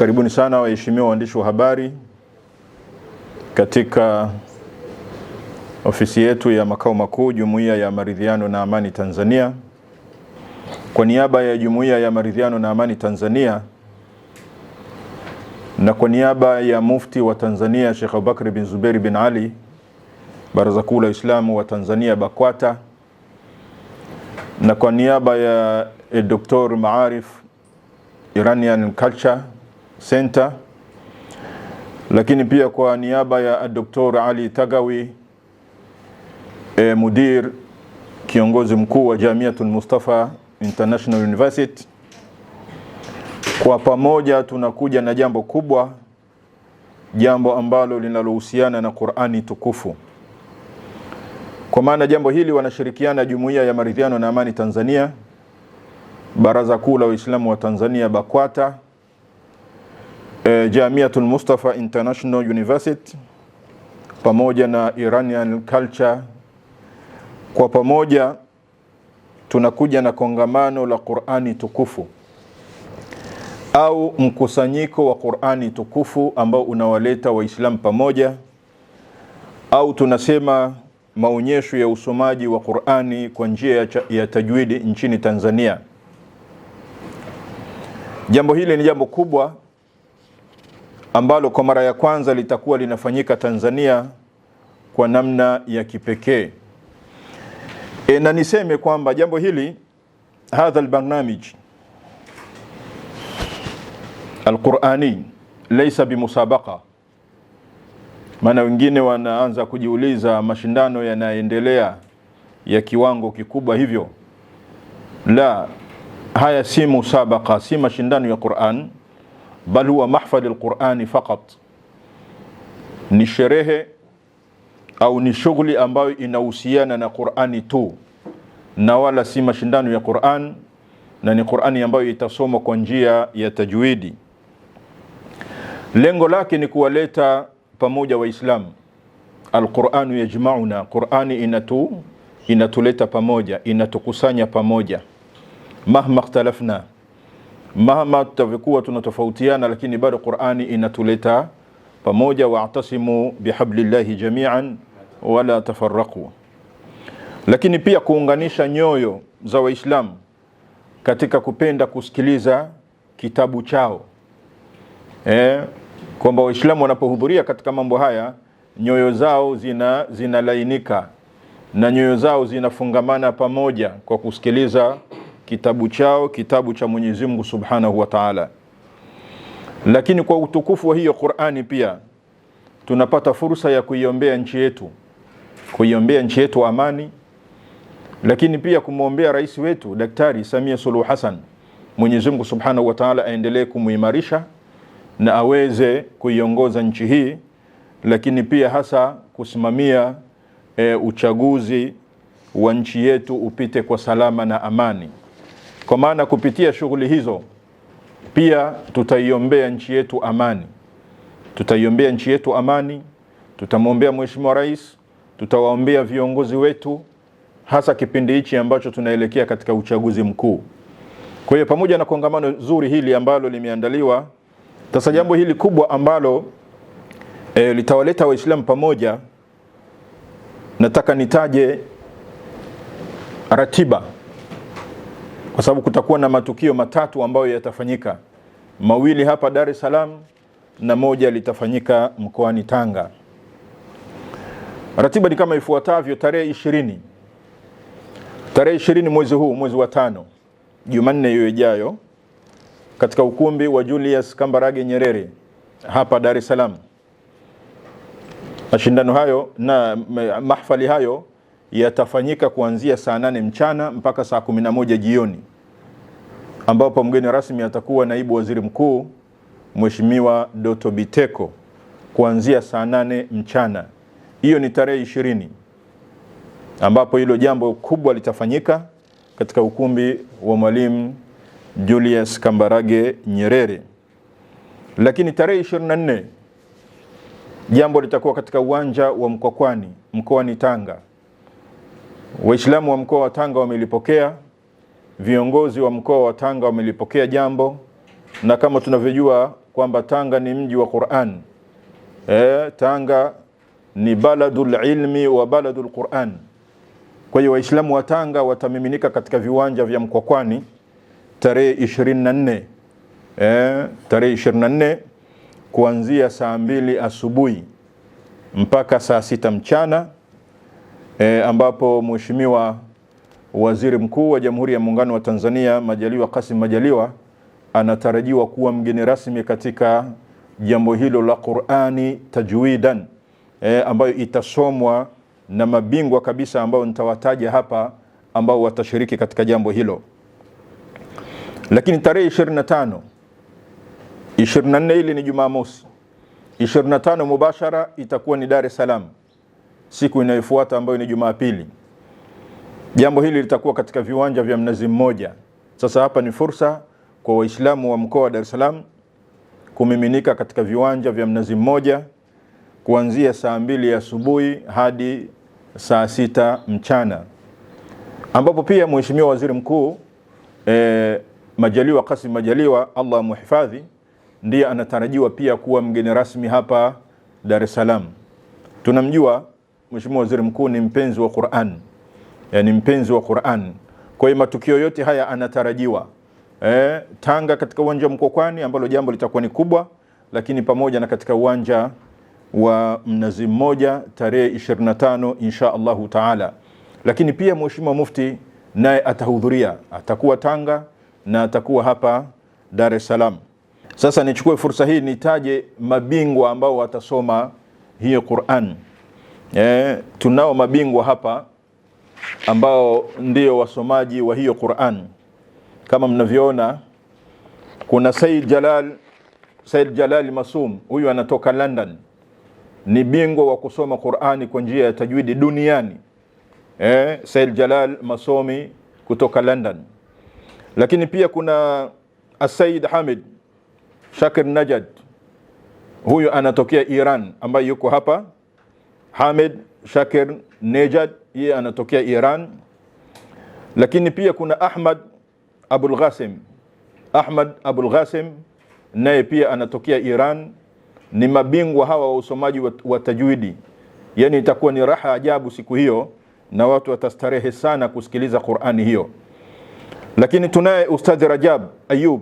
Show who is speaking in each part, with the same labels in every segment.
Speaker 1: Karibuni sana waheshimiwa waandishi wa habari katika ofisi yetu ya makao makuu Jumuiya ya Maridhiano na Amani Tanzania. Kwa niaba ya Jumuiya ya Maridhiano na Amani Tanzania na kwa niaba ya Mufti wa Tanzania Sheikh Abubakar bin Zuberi bin Ali, Baraza Kuu la Waislamu wa Tanzania BAKWATA, na kwa niaba ya eh, Dr. Maarif Iranian Culture Center, lakini pia kwa niaba ya Dr. Ali Tagawi e, mudir kiongozi mkuu wa Jamiatul Mustafa International University. Kwa pamoja tunakuja na jambo kubwa, jambo ambalo linalohusiana na Qur'ani tukufu. Kwa maana jambo hili wanashirikiana Jumuiya ya Maridhiano na Amani Tanzania, Baraza Kuu la Waislamu wa Tanzania BAKWATA eh, Jamiatul Mustafa International University pamoja na Iranian Culture, kwa pamoja tunakuja na kongamano la Qur'ani tukufu au mkusanyiko wa Qur'ani tukufu ambao unawaleta Waislamu pamoja au tunasema maonyesho ya usomaji wa Qur'ani kwa njia ya tajwidi nchini Tanzania. Jambo hili ni jambo kubwa ambalo kwa mara ya kwanza litakuwa linafanyika Tanzania kwa namna ya kipekee. E, na niseme kwamba jambo hili hadha albarnamij alqurani laisa bimusabaqa. Maana wengine wanaanza kujiuliza mashindano yanaendelea ya kiwango kikubwa hivyo. La, haya si musabaka, si mashindano ya Qur'an bal huwa mahfadh alqurani faqat, ni sherehe au ni shughuli ambayo inahusiana na Qurani tu na wala si mashindano ya Quran, na ni Qurani ambayo itasomwa kwa njia ya tajwidi. Lengo lake ni kuwaleta pamoja Waislamu. Alquranu yajmauna, Qurani inatu inatuleta pamoja, inatukusanya pamoja, mahma ikhtalafna mahama tutavyokuwa tunatofautiana, lakini bado Qur'ani inatuleta pamoja, wa'tasimu bihablillahi jami'an wala tafaraku. Lakini pia kuunganisha nyoyo za Waislamu katika kupenda kusikiliza kitabu chao eh, kwamba Waislamu wanapohudhuria katika mambo haya nyoyo zao zina zinalainika na nyoyo zao zinafungamana pamoja kwa kusikiliza kitabu chao, kitabu cha Mwenyezi Mungu Subhanahu wa Ta'ala. Lakini kwa utukufu wa hiyo Qur'ani pia tunapata fursa ya kuiombea nchi yetu, kuiombea nchi yetu amani, lakini pia kumwombea rais wetu Daktari Samia Suluhu Hassan, Mwenyezi Mungu Subhanahu wa Ta'ala aendelee kumuimarisha na aweze kuiongoza nchi hii, lakini pia hasa kusimamia e, uchaguzi wa nchi yetu upite kwa salama na amani. Kwa maana kupitia shughuli hizo pia tutaiombea nchi yetu amani, tutaiombea nchi yetu amani, tutamwombea Mheshimiwa Rais, tutawaombea viongozi wetu, hasa kipindi hichi ambacho tunaelekea katika uchaguzi mkuu. Kwa hiyo pamoja na kongamano zuri hili ambalo limeandaliwa sasa, jambo hili kubwa ambalo e, litawaleta Waislamu pamoja, nataka nitaje ratiba kwa sababu kutakuwa na matukio matatu ambayo yatafanyika, mawili hapa Dar es Salaam na moja litafanyika mkoani Tanga. Ratiba ni kama ifuatavyo: tarehe ishirini tarehe ishirini mwezi huu, mwezi wa tano, Jumanne hiyo ijayo, katika ukumbi wa Julius Kambarage Nyerere hapa Dar es Salaam. Mashindano hayo na mahfali hayo yatafanyika kuanzia saa nane mchana mpaka saa 11 jioni ambapo mgeni rasmi atakuwa naibu waziri mkuu Mheshimiwa Doto Biteko kuanzia saa nane mchana. Hiyo ni tarehe ishirini ambapo hilo jambo kubwa litafanyika katika ukumbi wa Mwalimu Julius Kambarage Nyerere. Lakini tarehe nne jambo litakuwa katika uwanja wa Mkwakwani mkoani Tanga. Waislamu wa mkoa wa Tanga wamelipokea Viongozi wa mkoa wa Tanga wamelipokea jambo, na kama tunavyojua kwamba Tanga ni mji wa Qur'an. E, Tanga ni baladul ilmi wa baladul Qur'an. Kwa hiyo Waislamu wa Tanga watamiminika katika viwanja vya Mkwakwani tarehe 24 eh, tarehe 24 kuanzia saa mbili asubuhi mpaka saa sita mchana e, ambapo mheshimiwa Waziri Mkuu wa Jamhuri ya Muungano wa Tanzania Majaliwa kasim Majaliwa anatarajiwa kuwa mgeni rasmi katika jambo hilo la Qur'ani tajwidan e, ambayo itasomwa na mabingwa kabisa ambao nitawataja hapa ambao watashiriki katika jambo hilo. Lakini tarehe 25 24 ile ni Jumamosi, 25 mubashara itakuwa ni Dar es Salaam, siku inayofuata ambayo ni Jumapili. Jambo hili litakuwa katika viwanja vya Mnazi Mmoja. Sasa hapa ni fursa kwa Waislamu wa mkoa wa Dar es Salaam kumiminika katika viwanja vya Mnazi Mmoja kuanzia saa mbili asubuhi hadi saa sita mchana, ambapo pia Mheshimiwa Waziri Mkuu e, Majaliwa Kasim Majaliwa, Allah muhifadhi, ndiye anatarajiwa pia kuwa mgeni rasmi hapa Dar es Salaam. Tunamjua Mheshimiwa Waziri Mkuu ni mpenzi wa Qur'an yani eh, mpenzi wa Qur'an. Kwa hiyo matukio yote haya anatarajiwa eh, Tanga katika uwanja wa Mkokwani ambalo jambo litakuwa ni kubwa, lakini pamoja na katika uwanja wa Mnazi Mmoja tarehe 25 insha Allahu taala. Lakini pia Mheshimiwa Mufti naye atahudhuria, atakuwa Tanga na atakuwa hapa Dar es Salaam. Sasa nichukue fursa hii nitaje mabingwa ambao watasoma hiyo Qur'an. Eh, tunao mabingwa hapa ambao ndio wasomaji wa hiyo Qur'an. Kama mnavyoona kuna Said Jalal, Said Jalal Masum, huyu anatoka London, ni bingwa wa kusoma Qur'ani kwa njia ya tajwidi duniani. Eh, Said Jalal Masomi kutoka London, lakini pia kuna Asaid Hamid Shakir Najad, huyu anatokea Iran ambaye yuko hapa Hamid Shakir Nejad, yeye anatokea Iran, lakini pia kuna Ahmad Abul Ghasim. Ahmad Abul Ghasim naye pia anatokea Iran. Ni mabingwa hawa wa usomaji wa tajwidi, yani itakuwa ni raha ajabu siku hiyo, na watu watastarehe sana kusikiliza Qur'ani hiyo. Lakini tunaye ustadhi Rajab Ayub,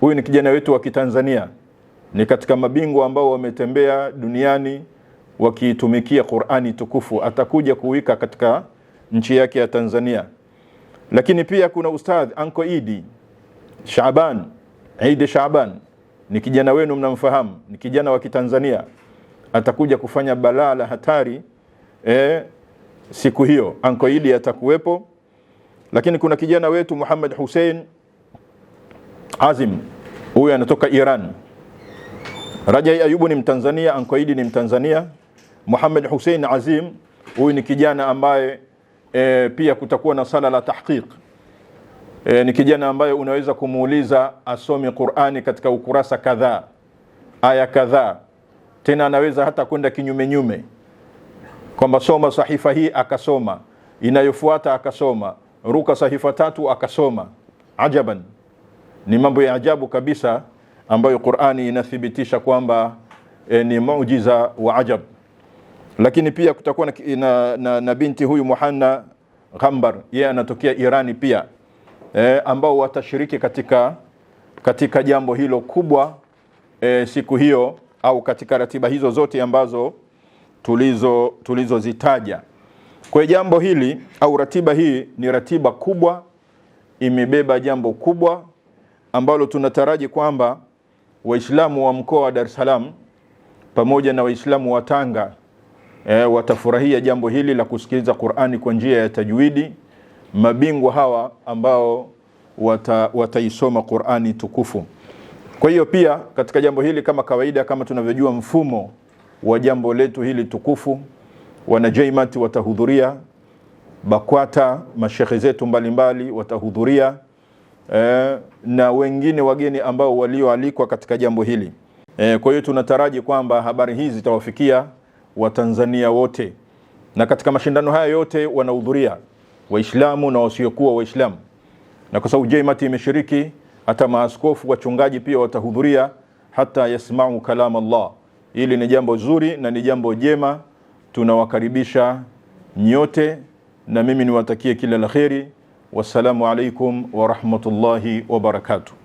Speaker 1: huyu ni kijana wetu wa Kitanzania, ni katika mabingwa ambao wametembea duniani wakiitumikia Qur'ani tukufu, atakuja kuwika katika nchi yake ya Tanzania. Lakini pia kuna ustadh Anko Idi Shaban, Idi Shaban ni kijana wenu, mnamfahamu, ni kijana wa Kitanzania, atakuja kufanya balaa la hatari e, siku hiyo Anko Idi atakuwepo. Lakini kuna kijana wetu Muhammad Hussein Azim, huyu anatoka Iran. Rajai Ayubu ni Mtanzania, Anko Idi ni Mtanzania. Muhammad Hussein Azim, huyu ni kijana ambaye e, pia kutakuwa na sala la tahqiq e, ni kijana ambaye unaweza kumuuliza asome Qur'ani katika ukurasa kadhaa, aya kadhaa, tena anaweza hata kwenda kinyume nyume kwamba soma sahifa hii akasoma, inayofuata akasoma, ruka sahifa tatu akasoma. Ajaban, ni mambo ya ajabu kabisa ambayo Qur'ani inathibitisha kwamba e, ni muujiza wa ajab lakini pia kutakuwa na, na, na, na binti huyu Muhanna Ghambar yeye anatokea Irani pia e, ambao watashiriki katika, katika jambo hilo kubwa e, siku hiyo au katika ratiba hizo zote ambazo tulizo tulizozitaja. Kwa jambo hili au ratiba hii ni ratiba kubwa, imebeba jambo kubwa ambalo tunataraji kwamba Waislamu wa mkoa wa Dar es Salaam pamoja na Waislamu wa Tanga e, watafurahia jambo hili la kusikiliza Qur'ani kwa njia ya tajwidi, mabingwa hawa ambao wata, wataisoma Qur'ani tukufu. Kwa hiyo pia katika jambo hili kama kawaida, kama tunavyojua mfumo wa jambo letu hili tukufu, wana watahudhuria, BAKWATA mashekhe zetu mbalimbali watahudhuria e, na wengine wageni ambao walioalikwa katika jambo hili e, kwa hiyo tunataraji kwamba habari hizi zitawafikia Watanzania wote, na katika mashindano haya yote wanahudhuria Waislamu na wasiokuwa Waislamu, na kwa sababu Jemaat imeshiriki, hata maaskofu wachungaji pia watahudhuria, hata yasmau kalam Allah. Hili ni jambo zuri na ni jambo jema, tunawakaribisha nyote, na mimi niwatakie kila la kheri. Wassalamu alaikum warahmatullahi wabarakatuh.